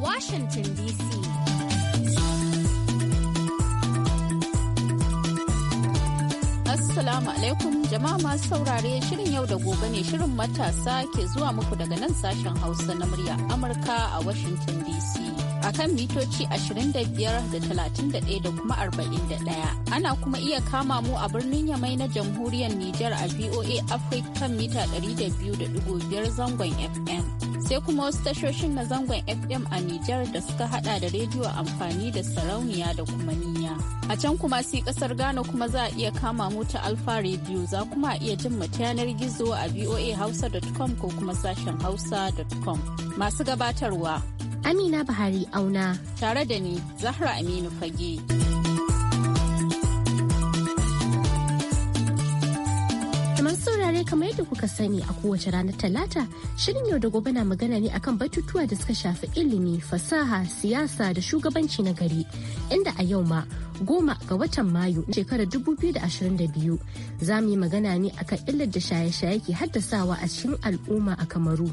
Washington DC. Assalamu alaikum jama'a masu saurare shirin yau da gobe ne shirin matasa ke zuwa muku daga nan sashen Hausa na murya Amurka a Washington DC. akan mitoci 25 da 31 da kuma 41. Ana kuma iya kama mu a birnin Yamai na jamhuriyar Nijar a VOA Africa kan mita 200.5 zangon FM. sai kuma wasu tashoshin na zangon fm a Nijar da suka hada da rediyo amfani da sarauniya da kuma niyya a can kuma si kasar ghana kuma za a iya kama mota alfa rediyo za kuma iya jin mu ta yanar gizo a voahausa.com ko kuma sashen hausa.com masu gabatarwa amina bahari auna tare da ni zahra aminu fage kamar dai kamar yadda kuka sani a kowace ranar talata shirin yau da gobe na magana ne akan batutuwa da suka shafi ilimi fasaha siyasa da shugabanci na gari inda a yau ma goma ga watan mayu shekarar 2022 za mu yi magana ne akan illar da shaye-shaye ke haddasawa a cikin al'umma a kamaru.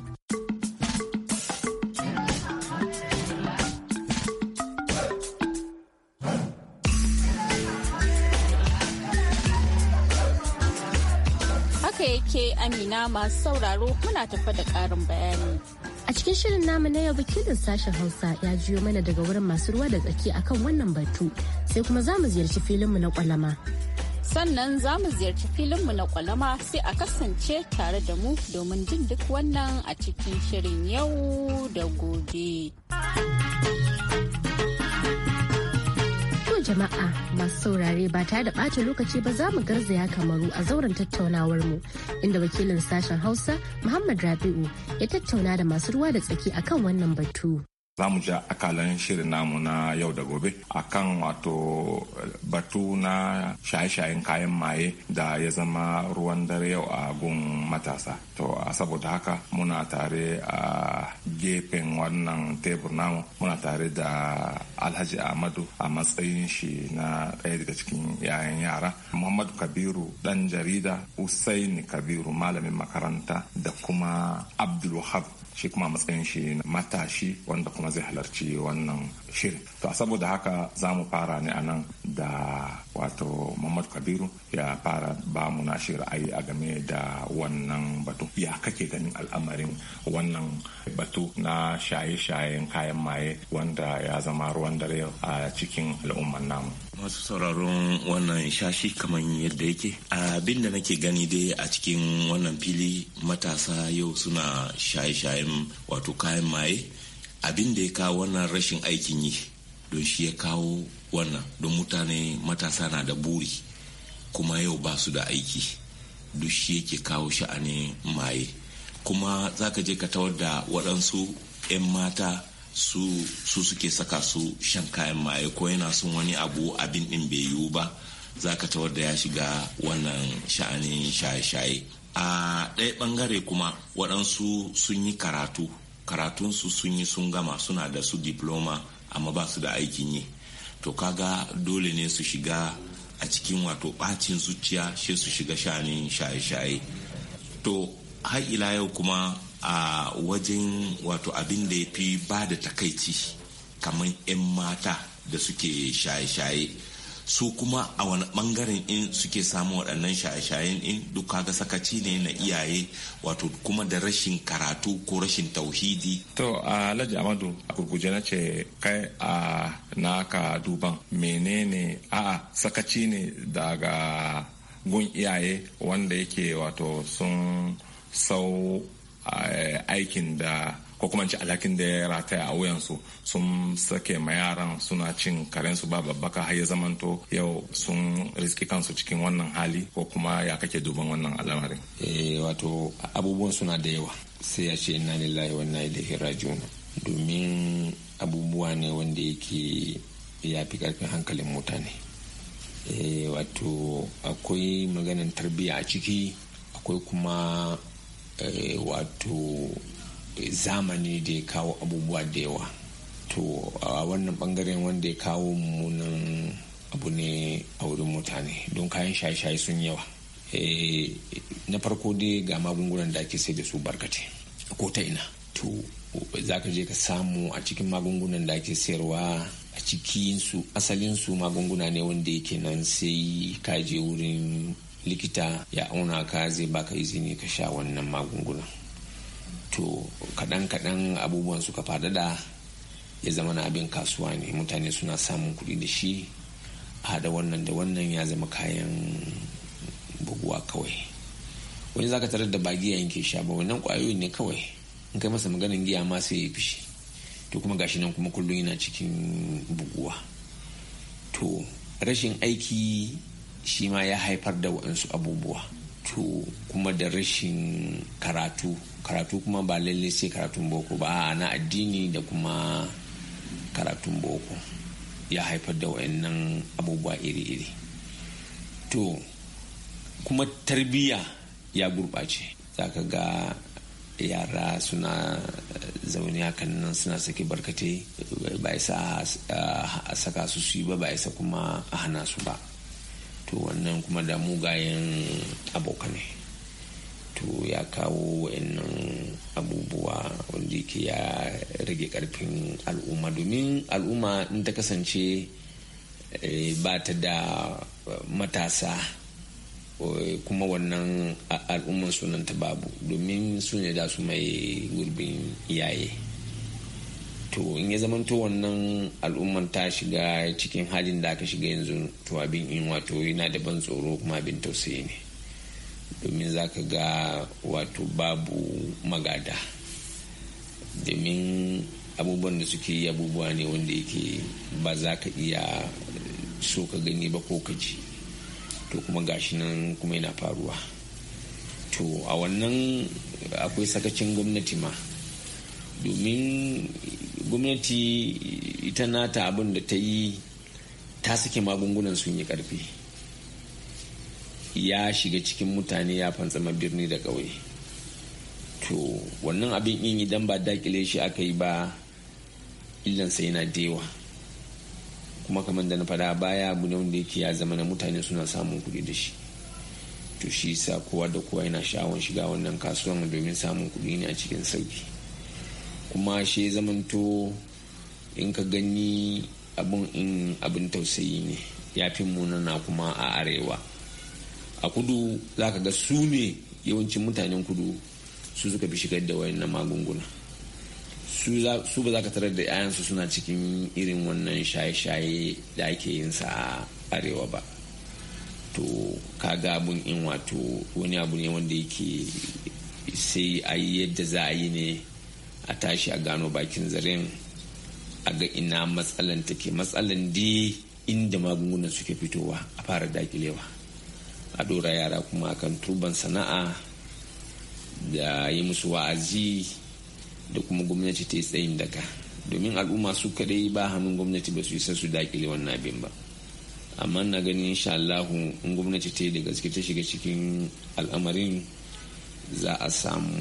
Amina masu sauraro muna tafa da ƙarin bayani. A cikin shirin namu na yau bikinin sashen Hausa ya jiyo mana daga wurin masu ruwa da tsaki akan wannan batu sai kuma za mu ziyarci mu na kwalama. Sannan za mu ziyarci filin mu na kwalama sai a kasance tare da mu domin jin duk wannan a cikin shirin yau da gobe. jama'a masu saurare ba tare da ɓata lokaci ba za mu garzaya kamaru a zauren tattaunawar mu inda wakilin sashen hausa muhammad rabi'u ya tattauna da masu ruwa da tsaki akan wannan batu. za mu ja akalan shirin namu na yau da gobe a kan wato eh, batu na shaye-shayen kayan maye da ya zama ruwan dare yau a gun matasa to saboda haka muna tare a gefen wannan tebur namu muna tare da alhaji ahmadu a matsayin shi na ɗaya daga cikin yayan yara muhammadu kabiru dan jarida usaini kabiru malamin makaranta da kuma abdulwahab shi kuma matsayin shi matashi wanda kuma zai halarci wannan shirin to saboda haka za mu fara ne a nan da wato muhammad kabiru ya fara ba mu nashi ra'ayi a game da wannan batu ya kake ganin al'amarin wannan batu na shaye-shayen kayan maye wanda ya zama ruwan dare a cikin al'umman namu masu sauraron wannan shashi kamar yadda yake abin da nake gani dai a cikin wannan fili matasa yau suna shaye-shayen wato kayan maye abin da ya kawo wannan rashin aikin yi don shi ya kawo wannan don mutane matasa na da buri kuma yau ba su da aiki duk shi yake kawo sha'ani maye kuma za ka je ka tawar da waɗansu 'yan mata su su suke saka su shan kayan maye ko yana son wani abu abin ɗin bai yiwu ba za ka tawar da ya shiga wannan sha'anin shaye-shaye a ɗaya ɓangare kuma waɗansu sun yi karatu su sun yi sun gama suna da su diploma amma ba su da aikin yi to kaga dole ne su shiga a cikin wato bacin zuciya shi su shiga shanin shaye-shaye to har ila yau kuma a wajen wato abin da ya fi ba da takaici kamar 'yan mata da suke shaye-shaye su kuma a wani bangaren in suke samu waɗannan shaye-shayen in duk ga sakaci ne na iyaye wato kuma da rashin karatu ko rashin tauhidi to alhaji amadu a gurguje na ce kai a naka duban menene a sakaci ne daga gun iyaye wanda yake wato sun sau aikin da ko kuma ci alhakin da ya rataya a wuyansu sun sake ma yaran suna cin karensu ba babbaka har ya zamanto yau sun riski kansu cikin wannan hali ko kuma ya kake duban wannan al'amarin. Eh wato abubuwan suna da yawa sai ya ce inna lillahi wa inna ilaihi raji'un domin abubuwa ne wanda yake ya fi karfin hankalin mutane. Eh wato akwai maganan tarbiyya a ciki akwai kuma eh, wato zamani da ya kawo abubuwa da yawa to a wannan bangaren wanda ya kawo mummunan abu ne a wurin mutane don kayan shaye-shaye sun yawa eh, na farko dai ga magungunan da ake sai da su barkate ko ta ina to za ka je ka samu a cikin magungunan da ake sayarwa a cikinsu asalinsu magunguna ne wanda yake nan sai ka je wurin likita ya auna ka zai baka izini ka sha wannan magungunan to kaɗan-kaɗan abubuwan suka faɗaɗa ya zama na abin kasuwa ne mutane suna samun kuɗi da shi a da wannan da wannan ya zama kayan buguwa kawai wani zaka tarar da ba giya yanke sha ba wannan ƙwayoyin ne kawai in kai masa maganin giya ma sai ya fishi to kuma gashi nan kuma kullum yana cikin buguwa to rashin aiki shi ma ya haifar da waɗansu abubuwa to kuma da rashin karatu karatu kuma ba lallai sai karatun boko ba na addini da kuma karatun boko ya haifar da wayannan abubuwa iri-iri to kuma tarbiyya ya gurɓace zaka ga yara suna zaune hakan nan suna sake barkate? ba isa a saka su su yi ba ba isa kuma a hana su ba to wannan kuma da mugayen abokanai to ya kawo wa'annan abubuwa wanda yake ya rage karfin al'umma domin al'umma in ta kasance eh, ba ta da eh, matasa eh, kuma wannan al'umman sunanta babu domin sun da su mai gurbin iyaye to in ya zamanto wannan al'umman ta shiga cikin halin da aka shiga yanzu to abin in wato yana da ban tsoro kuma abin tausayi ne domin za ka ga wato babu magada domin abubuwan da suke yi abubuwa ne wanda yake ba za ka iya so ka gani ba ko ka ji to kuma gashi nan kuma yana faruwa to a wannan akwai sakacin gwamnati ma domin gwamnati ita nata abin da ta yi ta sake magungunan sun yi karfi ya shiga cikin mutane ya fantsama birni da ƙauye to wannan abin yin idan ba dakile shi aka yi ba illan yana na dewa kuma kamar da na fada baya abu ne wanda yake ya zama na mutane suna samun kuɗi da shi to shi sa kowa da kowa yana sha'awar shiga wannan kasuwan domin samun kuɗi ne a cikin sauki kuma shi zamanto in ka gani abin in abin tausayi ne ya fi munana kuma a arewa a kudu za ka ga su ne yawancin mutanen kudu su suka fi shigar da na magunguna su ba za ka tarar da 'ya'yansu suna cikin irin wannan shaye-shaye da ake yin sa a arewa ba to ka ga abun in wato wani abu ne wanda yake sai ayi yadda za a yi ne a tashi a gano bakin zaren a ga ina matsalan take matsalan di inda magungunan suke fitowa a fara dakilewa a dora yara kuma kan turban sana'a da yi musu wa'azi da kuma gwamnati ta yi tsayin daga domin al'umma su kadai ba hannun gwamnati ba su isa su dakile wannan abin ba amma na ganin insha Allah in gwamnati ta yi da gaske ta shiga cikin al'amarin za a samu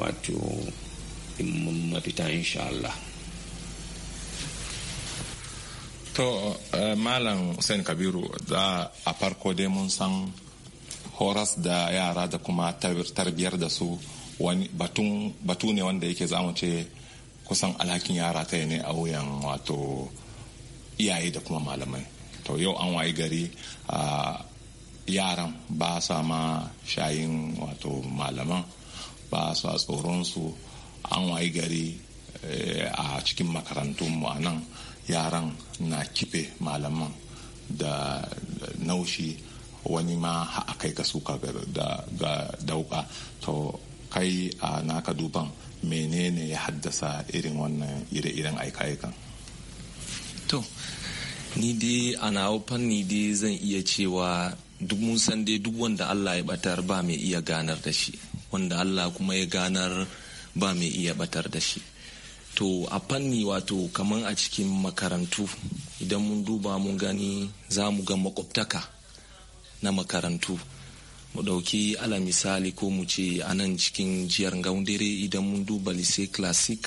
wato In mun mafita insha Allah. To, eh, Malam Hussein Kabiru, da a farko dai mun san horas da yara da kuma tarbiyar da su batu ne wanda yake zamu ce kusan alhakin yara ta ne a wuyan wato iyaye da kuma malamai. To, yau an wayi gari a yaran ba sa ma shayin wato malaman ba sa tsoron su. an wayi gari eh, a cikin makarantunmu a nan yaran na kife malaman da naushi wani ma a kai ka suka ga dauka to kai a naka duban menene ya haddasa irin wannan ire-iren aika-aikan to ni dai a nawa ni dai zan iya cewa duk mun san dai duk wanda allah ya batar ba mai iya ganar da shi wanda allah kuma ya ganar ba mai iya batar da shi to a fanni wato kamar a cikin makarantu idan mun duba mun gani za mu ga makwabtaka na makarantu mu ɗauki ala misali ko mu ce a nan cikin jiyar gaundare idan mun duba lise classic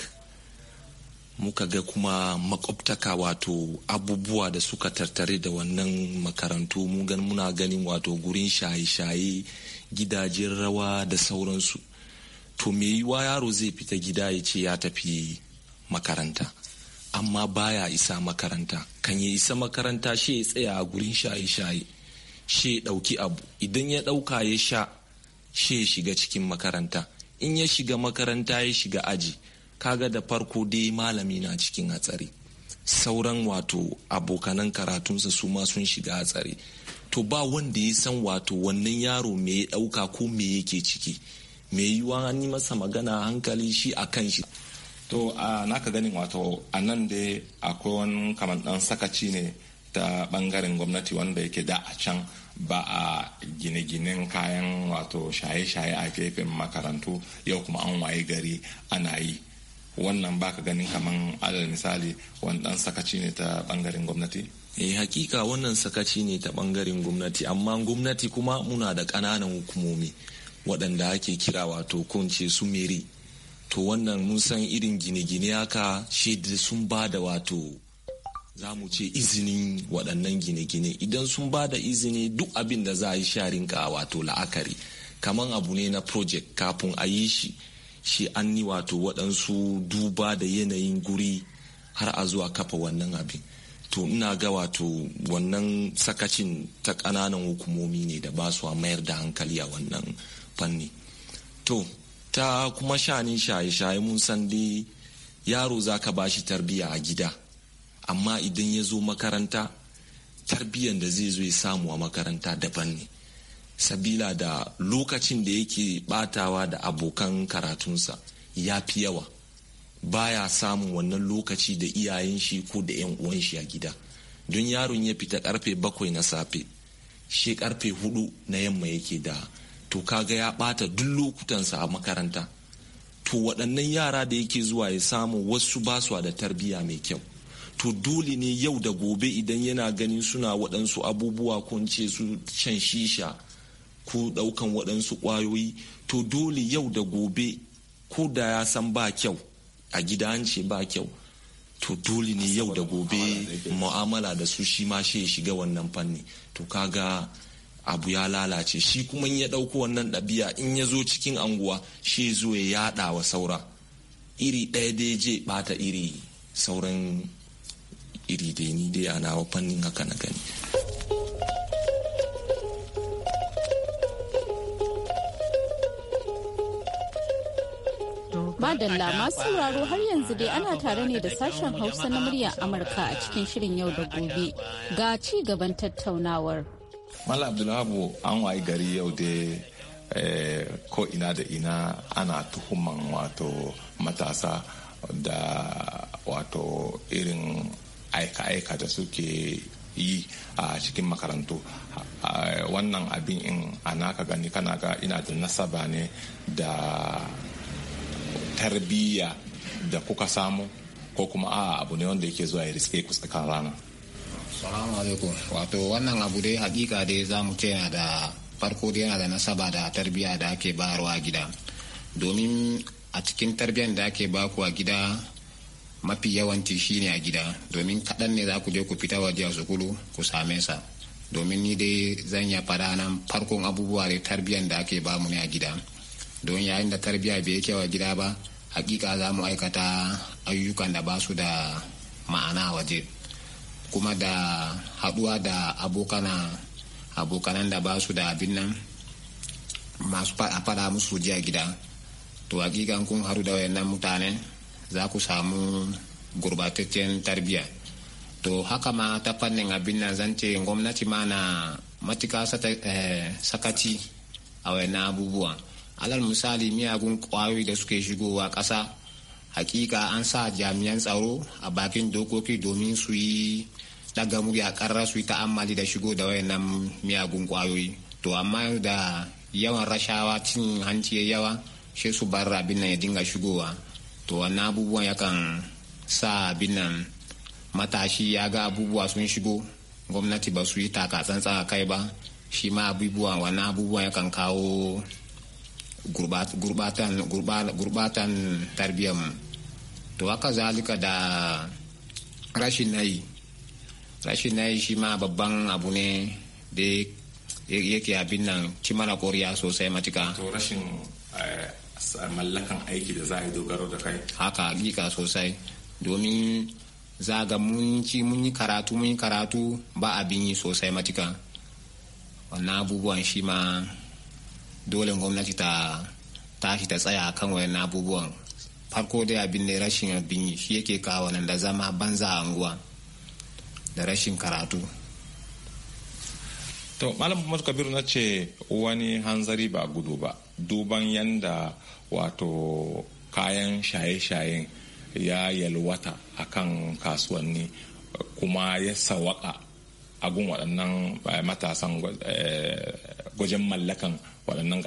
muka ga kuma makwabtaka wato abubuwa da suka tattare da wannan makarantu mu gan muna ganin wato gurin shaye-shaye gidajen rawa da sauransu to me yiwa yaro zai fita gida ya ce ya tafi makaranta amma baya isa makaranta kan ya isa makaranta shi ya tsaya a gurin shaye-shaye shi ya ɗauki abu idan ya ɗauka ya sha shi ya shiga cikin makaranta in ya shiga makaranta ya shiga aji kaga da farko dai malami na cikin hatsari sauran wato abokanan karatunsa su ma sun shiga hatsari to ba wanda ya san wato wannan yaro me ya ɗauka ko me yake ciki mai yiwuwa an yi masa magana hankali shi a kan shi to a naka ganin wato a nan dai akwai wani kamar dan sakaci ne ta bangaren gwamnati wanda yake da a can ba a gine-ginen kayan wato shaye-shaye a gefen makarantu yau kuma an waye gari ana yi wannan baka ganin kaman alal misali wani dan sakaci ne ta bangaren gwamnati eh hakika wannan sakaci ne ta bangaren gwamnati amma gwamnati kuma muna da ƙananan hukumomi waɗanda ake kira wato kunce su mere to wannan mun san irin gine-gine haka shi sun ba da wato za mu ce izinin waɗannan gine-gine idan sun ba da izini duk abin da za a yi sharin ka wato la'akari kaman abu ne na project kafin a yi shi shi an yi wato waɗansu duba da yanayin guri har a zuwa kafa wannan abin to ina ga wato wannan sakacin ta ƙananan hukumomi ne da ba su a mayar da hankali a wannan fanni to ta kuma shani shaye-shaye mun san dai yaro za ka bashi tarbiya a gida amma idan ya zo makaranta tarbiyyar da zai zo ya samu a makaranta daban ne sabila da lokacin da yake batawa da abokan karatunsa ya fi yawa baya samun wannan lokaci da iyayen shi ko da yan uwan shi a gida don yaron ya fita karfe bakwai na safe shi karfe hudu na yamma yake da to kaga ya bata duk lokutansa a makaranta to waɗannan yara da yake zuwa ya samu wasu basuwa da tarbiyya mai kyau to dole ne yau da gobe idan yana ganin suna waɗansu abubuwa ko ce su can shisha ko ɗaukan waɗansu ƙwayoyi to dole yau da gobe ko da ya san ba kyau a gida an ce ba kyau to dole ne yau da gobe mu'amala da su shi ma shi ya shiga wannan fanni to kaga abu ya lalace shi kuma in ya ɗauko wannan ɗabi'a in ya zo cikin anguwa shi zo ya yaɗa wa saura iri ɗaya dai je bata iri sauran iri dai ni dai a nawa fannin haka na gani ba Madalla masu sauraro har yanzu dai ana tare ne da sashen Hausa na muryar Amurka a cikin shirin yau da gobe ga ci gaban tattaunawar. mala abdullahi an wayi gari yau dai eh, ko ina da ina ana tuhuman wato matasa da wato irin aika-aika da suke yi a cikin makarantu wannan abin in ka gani kana ga ina da nasaba ne da tarbiyya da kuka samu ko kuma a abu ne wanda yake zuwa ya riske ku tsakan rana salamu alaikum wato wannan abu dai hakika dai za mu ce yana da farko dai yana da nasaba da tarbiyya da ake bayarwa a gida domin a cikin tarbiyyar da ake baku a gida mafi yawanci shine a gida domin kaɗan ne za ku je ku fita waje a sukulu ku same sa domin ni dai zan ya fara nan farkon abubuwa da tarbiyyar da ake bamu ne a gida don yayin da tarbiyya bai yake wa gida ba hakika za mu aikata ayyukan da ba su da ma'ana waje kuma da haɗuwa da abokana abokanan da ba su da abin nan masu faɗa musu ji a gida to hakikan kun haru da wayannan mutane za ku samu gurbataccen tarbiyya to haka ma ta fannin abin nan zan ce gwamnati ma na matuka eh, sakaci a wayannan abubuwan alal misali miyagun kwayoyi da suke shigowa ƙasa hakika an sa jami'an tsaro a bakin dokoki domin su yi daga a karra su yi ta'ammali da shigo da wayannan miyagun kwayoyi to amma da yawan rashawa cin hanci ya yawa shi su bar abin nan ya dinga shigowa to wannan abubuwan yakan sa abin nan matashi ya ga abubuwa sun shigo gwamnati ba su yi taka tsantsan kai ba shi ma abubuwa wannan abubuwan yakan kawo gurbatan tarbiyyarmu to haka zalika da rashin nayi rashin nayi shi ma babban abu ne da yake abin nan ci mana koriya sosai matuka to rashin eh, mallakan aiki da za a yi dogaro da kai haka hakika sosai domin zaga mun ci mun yi karatu mun yi karatu ba abin yi sosai matuka wannan abubuwan shi ma dole gwamnati ta tashi ta tsaya kan wayan abubuwan farko dai abin da rashin abin shi yake kawo nan da zama banza a anguwa da rashin karatu to malam muhammadu kabiru na ce wani hanzari ba gudu ba duban yanda wato kayan shaye-shayen ya yalwata a kan kasuwanni kuma ya sawaka a gun waɗannan eh, matasan eh, gwajin mallakan waɗannan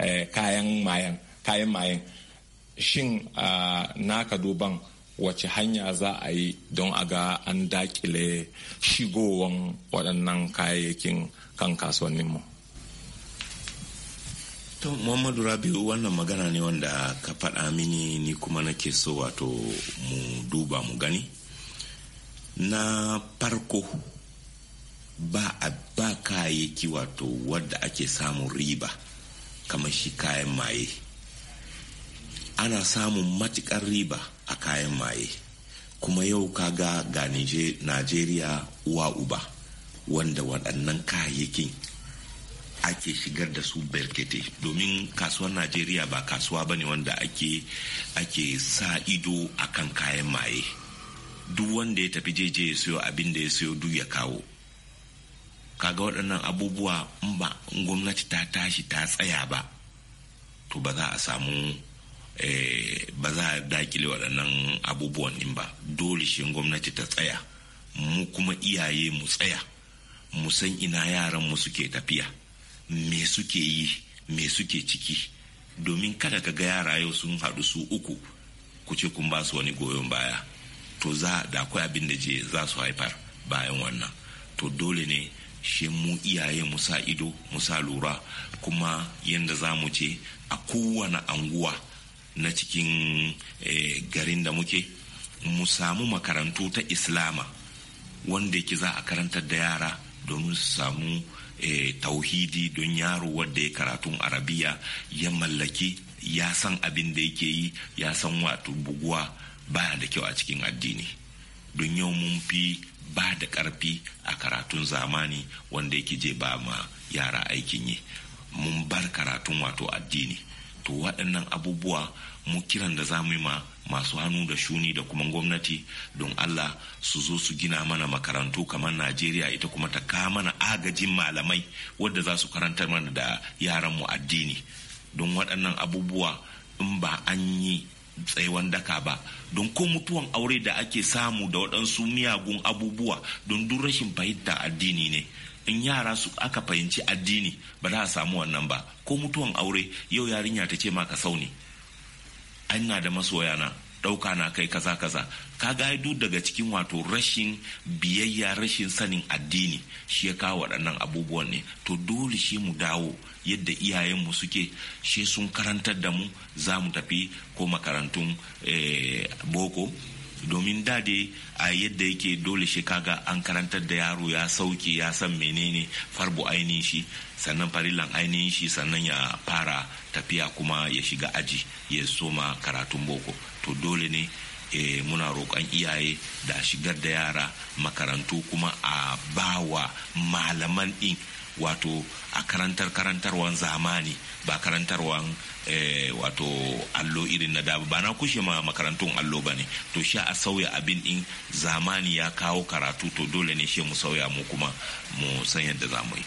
eh, kayan mayan kayan mayan shin naka duban wace hanya za a yi don a ga an dakile shigowan waɗannan kayayyakin kan kasuwanninmu to muhammadu rabiu wannan magana ne wanda ka faɗa mini ni kuma nake so wato mu duba mu gani na farko ba a ba kayayyaki wato wadda ake samun riba kamar shi kayan maye ana samun matukar riba a kayan maye kuma yau kaga ga najeriya uwa uba wanda waɗannan kayayyakin ake shigar da su berkete domin kasuwar najeriya ba kasuwa ba ne wanda ake ake sa ido akan kayan maye duk wanda ya tafi jeje ya siyo abin da ya siyo duk ya kawo kaga waɗannan abubuwa in ba gwamnati ta tashi ta tsaya ba to ba za a samu eh, ba za a dakile waɗannan abubuwan in ba dole shi gwamnati ta tsaya mu kuma iyaye mu tsaya mu san ina yaran mu suke tafiya me suke yi me suke ciki domin kada ka ga yara yau sun haɗu su uku ku ce kun ba su wani goyon baya to za da akwai abin da je za su haifar bayan wannan to dole ne shi mu iyaye mu sa ido mu sa lura kuma yadda za mu ce a kowane anguwa na cikin eh, garin da muke mu samu makarantu ta islama wanda yake za a karantar da yara domin su samu e, tauhidi don yaro wadda ya karatun arabiya ya mallaki ya san abin da yake yi ya san wato buguwa baya da kyau a cikin addini don yau mun fi ba da karfi a karatun zamani wanda yake je ba ma yara aikin yi mun bar karatun wato addini to waɗannan abubuwa mu kiran da zamu yi ma masu hannu da shuni da kuma gwamnati don allah su zo su gina mana makarantu kamar najeriya ita kuma ta ka mana agajin malamai wadda za su karanta mana da yaran mu addini don waɗannan abubuwa in ba an yi tsaiwan daka ba don ko mutuwan aure da ake samu da waɗansu miyagun abubuwa don duk rashin fahimta addini ne in yara su aka fahimci addini ba za a samu wannan ba ko mutuwan aure yau yarinya ta ce ma ka sauni ana da masoyana ɗauka na kai kaza kaza kaga duk daga cikin wato rashin biyayya rashin sanin addini shi ya kawo waɗannan abubuwan ne to dole shi mu dawo yadda iyayenmu suke shi sun karantar da mu za mu tafi ko makarantun eh, boko domin dade a yadda yake dole shi kaga an karantar da yaro ya sauke ya san menene farbo ainihin shi sannan farilan ainihin shi sannan ya fara tafiya kuma ya shiga aji ya soma karatun boko to dole ne e, muna roƙon iyaye da shigar da yara makarantu kuma a bawa malaman ɗin wato a karantar karantarwan zamani ba karantarwan e, wato allo irin na dabu ba na kushe ma makarantun allo ba ne to sha a sauya abin in zamani ya kawo karatu to dole ne shi mu sauya mu kuma mu san yadda za mu yi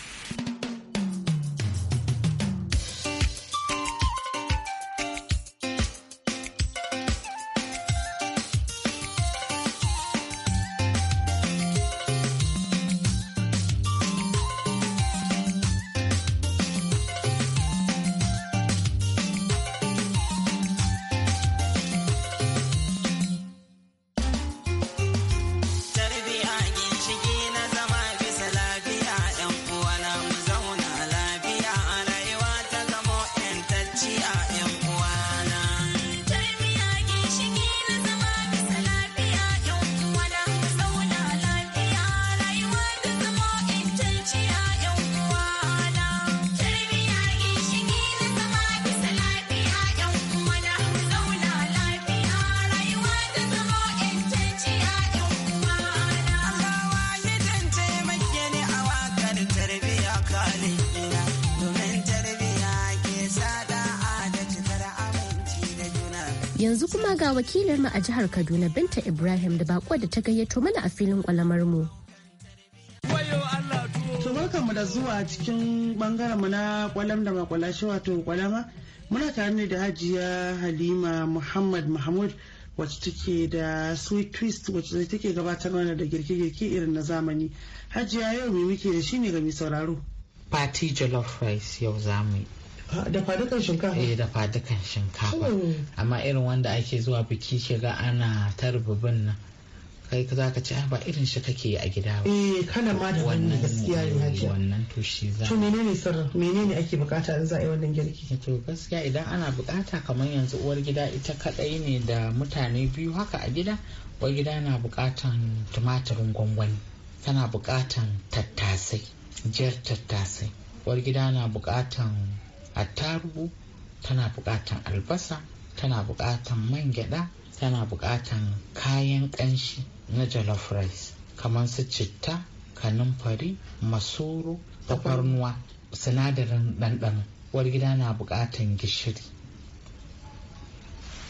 kuma ga wakilinmu a jihar Kaduna Binta Ibrahim da bako da ta gayyato mana a filin kwalamar mu. barkanmu da zuwa cikin bangaren mu na kwalam da makwalashi wato kwalama muna tare ne da hajiya halima muhammad mahmud wacce take da sweet twist wacce take gabatar mana da girke-girke irin na zamani hajiya yau me muke da shi ne ga mai sauraro party jollof rice yau zamani. dafa dukan shinkafa eh dafa dukan shinkafa hmm. amma irin wanda ake zuwa biki shiga ana tarbabin nan kai za zaka ci ah, ba irin shi kake yi a gida ba eh kana ma da wannan gaskiya ne hajiya wannan to shi za to menene sir menene ake bukata in za a yi wannan girki eh, to gaskiya idan ana bukata kamar yanzu uwar gida ita kadai ne da mutane biyu haka a gida uwar gida na bukatan tumatirin gwangwani tana bukatan tattasai jar tattasai uwar gida na bukatan attarugu tana buƙatan albasa tana buƙatan man gyaɗa tana buƙatan kayan ƙanshi na jollof rice kamar su citta kanumfari masoro tafarnuwa sinadarin ɗanɗano uwar gida na buƙatan gishiri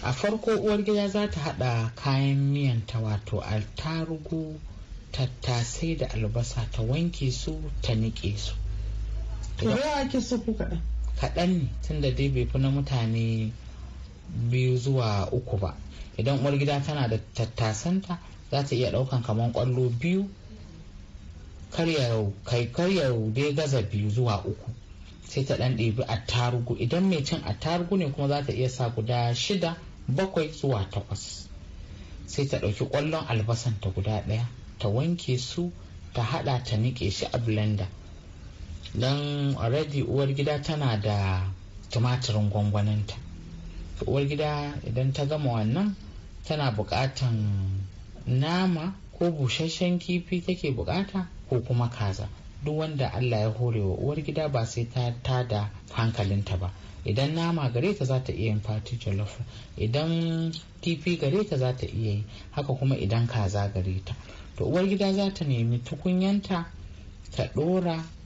a farko uwar gida za ta haɗa kayan miyanta wato altarugu tattasai da albasa ta wanke su ta niƙe su. yawa ake so kaɗan? kaɗan ne tun da dai bai fi na mutane biyu zuwa uku ba idan uwar gida tana da tattasanta za ta iya ɗaukan kamar ƙwallo biyu karyar dai gaza biyu zuwa uku sai ta ɗan ɗebi tarugu idan mai cin tarugu ne kuma za ta iya sa guda shida bakwai zuwa takwas sai ta ɗauki ƙwallon ta guda ɗaya ta wanke su ta haɗa ta niƙe shi a blender don already uwar gida tana da tumatirin gwangwaninta uwar gida idan ta gama wannan tana bukatan nama ko busasshen kifi take bukata ko kuma kaza duk wanda allah ya horewa uwar gida ba sai ta tada hankalinta ba idan nama gare ta za ta iya yin fati jollof idan kifi gare ta za ta iya yi haka kuma idan kaza gare ta to uwar gida za ta nemi tukunyanta ta dora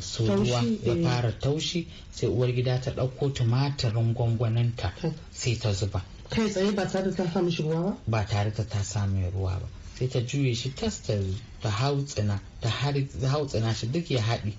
so ruwa ya fara taushi sai uwar gida ta ɗauko tumatirin gwangwaninta sai ta zuba kai tsaye ba tare ta samu shi ruwa ba ba tare da ta samu ruwa ba sai ta juye shi tas ta hautsina ta hautsina shi duk ya haɗi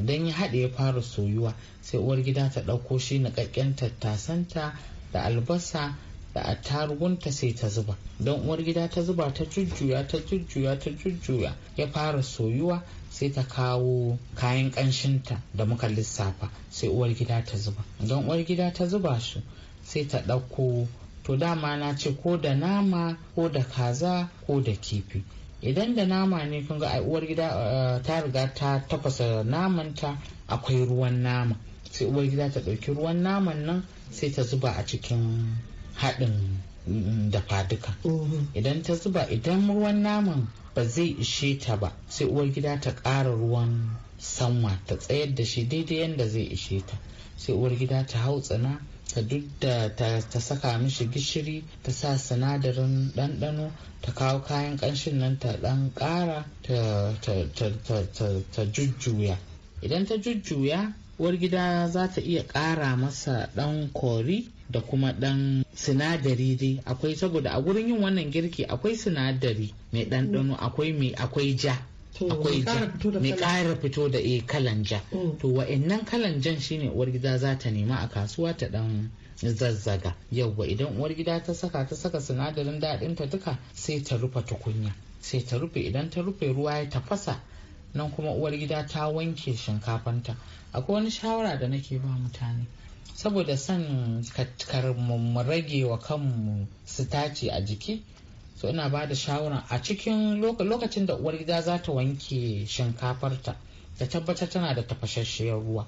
idan ya haɗe ya fara soyuwa sai uwar gida ta ɗauko shi niƙaƙƙen tattasanta da albasa da attarugunta sai ta zuba don uwar gida ta zuba ta jujjuya ta jujjuya ta jujjuya ya fara soyuwa sai ta kawo kayan ƙanshinta da muka lissafa sai uwar gida ta zuba don uwar gida ta zuba su sai ta ɗauko to dama na ce ko da nama ko da kaza ko da kifi idan da nama ne kun ga uwar gida eh, ta riga ta tafasa namanta akwai ruwan nama sai uwar gida ta ɗauki ruwan naman nan sai ta zuba a cikin haɗin mm, dafa duka idan ta zuba idan ruwan naman ba zai ishe ta ba sai uwar gida ta ƙara ruwan sanwa ta tsayar da shi daidai yadda zai ishe ta sai uwar gida ta hau tsana ta duk da ta saka mishi gishiri ta sa sinadarin ɗanɗano ta kawo kayan ƙanshin nan ta ɗan ƙara ta jujjuya idan ta jujjuya uwar gida za ta iya ƙara masa ɗan kori da kuma ɗan sinadari dai akwai saboda a gurin yin wannan girki akwai sinadari mai ɗanɗano akwai mai akwai ja akwai mai ƙara fito da e kalan ja mm. to wa'annan kalan jan shine uwar gida za ta nema a kasuwa ta ɗan zazzaga yauwa idan uwargida ta saka ta saka sinadarin daɗin ta duka sai ta rufe tukunya sai ta rufe idan ta rufe ruwa ya tafasa nan kuma uwargida ta wanke shinkafanta akwai wani shawara da nake ba mutane saboda son mu rage wa kanmu sitaci a jiki so ina ba da shawara a cikin lokacin da uwar gida za ta wanke shinkafarta ta tabbatar tana da tafashasshiyar ruwa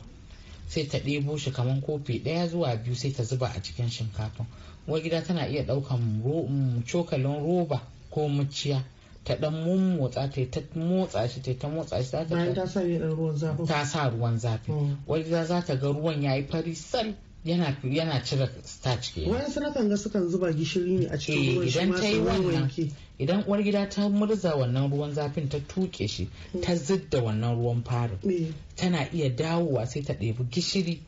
sai ta ɗebo shi kamar kofi ɗaya zuwa biyu sai ta zuba a cikin shinkafin uwar gida tana iya ɗaukan mm, cokalin roba ko muciya ta dan mummotsa ta ta motsa shi ta ta motsa shi ta ta sa ruwan zafi ta sa ruwan zafi hmm. wanda za ta ga ruwan yayi fari sal yana yana cire starch ke wani kan ga sukan zuba gishiri ne a cikin eh, ruwan idan ta yi wannan idan uwar gida ta murza wannan ruwan zafin ta tuke shi hmm. ta zidda wannan ruwan farin tana iya dawowa sai ta ɗebi gishiri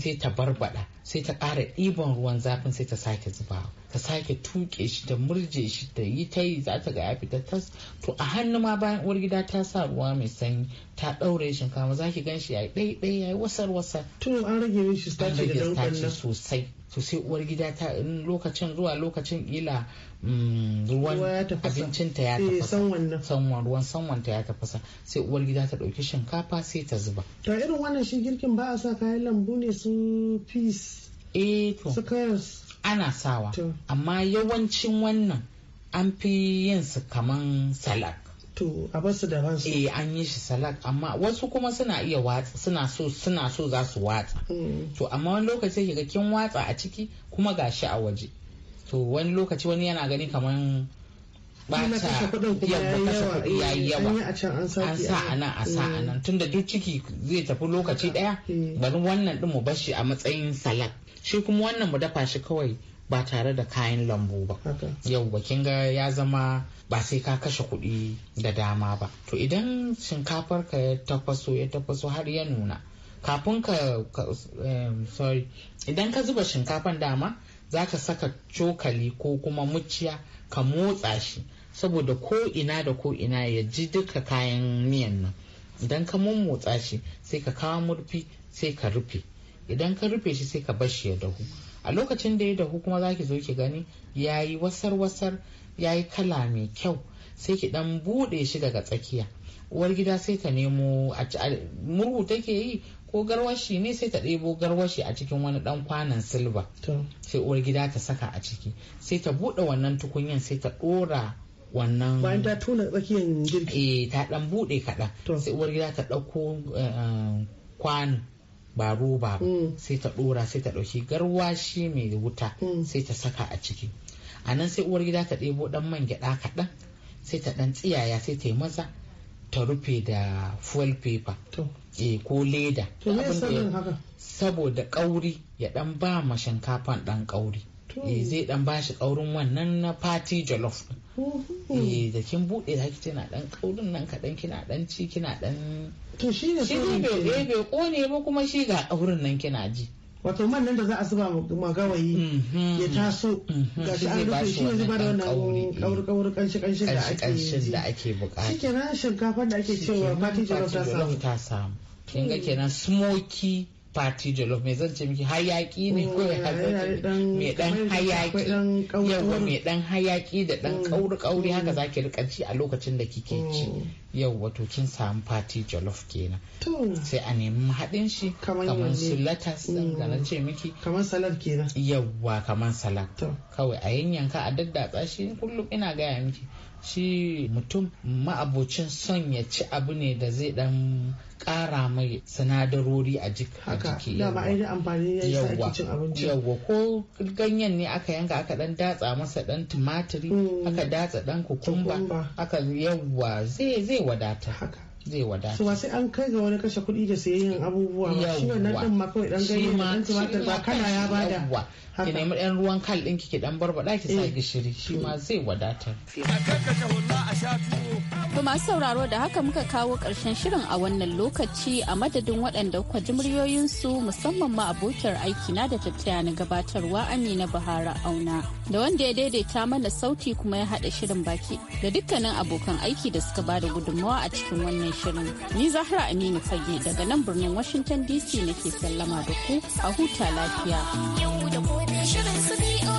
sai ta barbada sai ta ƙara ɗiban ruwan zafin sai ta sake zubawa ta sake tuke shi ta murje shi ta yi ta yi za ta ga ya fita tas to a hannu ma bayan uwar gida ta sa ruwa mai sanyi ta ɗaure shinkafa za ki gan shi ya yi ɗai ɗai ya yi wasar wasa tun an rage shi ce da danƙon sosai to sai uwar gida ta lokacin zuwa lokacin ila mm, ruwan abincinta ya eh, tafasa sanwan ruwan ta ya tafasa sai uwar gida ta ɗauki shinkafa sai ta zuba to irin wannan shi girkin ba a sa kayan lambu ne su peace eh to ana sawa amma yawancin wannan an fi yin su kaman salak to a basu da ransu eh an yi shi salak amma wasu kuma suna iya watsa suna so suna so za su watsa mm. to amma wani lokaci kiga kin watsa a ciki kuma gashi a waje to wani lokaci wani yana gani kaman bata yadda ya yi eh, yawa an sa a nan a sa a mm. nan tunda duk ciki zai tafi lokaci daya mm. bari wannan ɗin mu bashi a matsayin salak shi kuma wannan mu dafa shi kawai ba tare da kayan lambu ba yau kin ga ya zama ba sai ka kashe kuɗi da dama ba to idan shinkafar ka ya tafaso ya tafaso har ya nuna kafin ka sorry idan ka zuba shinkafan dama za ka saka cokali ko kuma muciya ka motsa shi saboda ko ina da ko ina ya ji duka kayan miyan nan idan ka mummotsa shi sai ka kawo murfi sai ka rufe idan ka rufe shi sai ka bar shi ya dahu a lokacin da ya dahu kuma za ki zo ki gani ya yi wasar-wasar ya yi kala mai kyau sai ki dan buɗe shi daga tsakiya uwar gida sai ta nemo murhu take yi ko garwashi ne sai ta ɗebo garwashi a cikin wani ɗan kwanan silba sai uwar gida ta saka a ciki sai ta buɗe wannan tukunyan sai ta ɗora wannan bayan ta tona tsakiyan girki eh ta ɗan buɗe kaɗan sai uwar gida ta ɗauko eh, kwano. ba roba ba mm. sai ta dora sai ta dauki garwashi mai wuta mm. sai ta saka a ciki a nan sai uwar gida ta ɗebo ɗan man gyaɗa kaɗan sai ta ɗan tsiyaya sai ta yi maza ta rufe da fuel paper e, ko leda saboda ƙauri ya ɗan ba ma shinkafan ɗan kauri e, eh, zai ɗan ba shi kaurin wannan na party jollof e, da kin buɗe za ki na ɗan kaurin nan kaɗan kina ɗan ci kina ɗan. to shi ne shi bai eh, bai kone ba kuma shi ga wurin nan kina ji wato man nan da za a zuba ma gawayi mhm. ya taso mhm. ga shi an rufe shi ne zuba da wannan kawar kanshi kanshi da ake da ake bukata shikenan shinkafa da ake cewa fatin jalof ta samu kin ga kenan smoky fati jollof mai zan ce miki hayaki ne oh, ko ya mai dan hayaki yawa mai dan hayaki da dan mm, kauri kauri haka mm. zaki rika ci a lokacin da kike ci oh. yau wato kin samu fati jollof kenan sai a nemi haɗin shi kamar su latas din da na ce miki kamar salad kenan yawa kamar salad kawai a yanyanka a daddatsa shi kullum ina gaya miki shi mutum ma'abocin son ya ci abu ne da zai dan kara mai sinadarori a jiki Yawwa yawwa ko ganyen ne aka yanka aka dan datsa masa dan tumatiri hmm. aka datsa dan kukumba aka yawwa zai zai wadata Su zai wadata. sai an kai ga wani kashe kuɗi da sayayyan abubuwa ba shi wannan ɗin ma kawai dan ganyen da tumatir ba kana ya bada. ki nemi ɗan ruwan kal ɗin ki dan barbada ki sa eh. gishiri shi ma hmm. zai wadatar to masu sauraro da haka muka kawo ƙarshen shirin a wannan lokaci a madadin waɗanda kwa ji muryoyinsu musamman ma abokiyar na da tattaya na gabatarwa amina bahara auna da wanda ya daidaita mana sauti kuma ya haɗa shirin baki da dukkanin abokan aiki da suka bada gudunmawa a cikin wannan shirin ni zahra aminu fage daga nan birnin washington dc nake sallama da ku a huta lafiya gobe shirin su biyu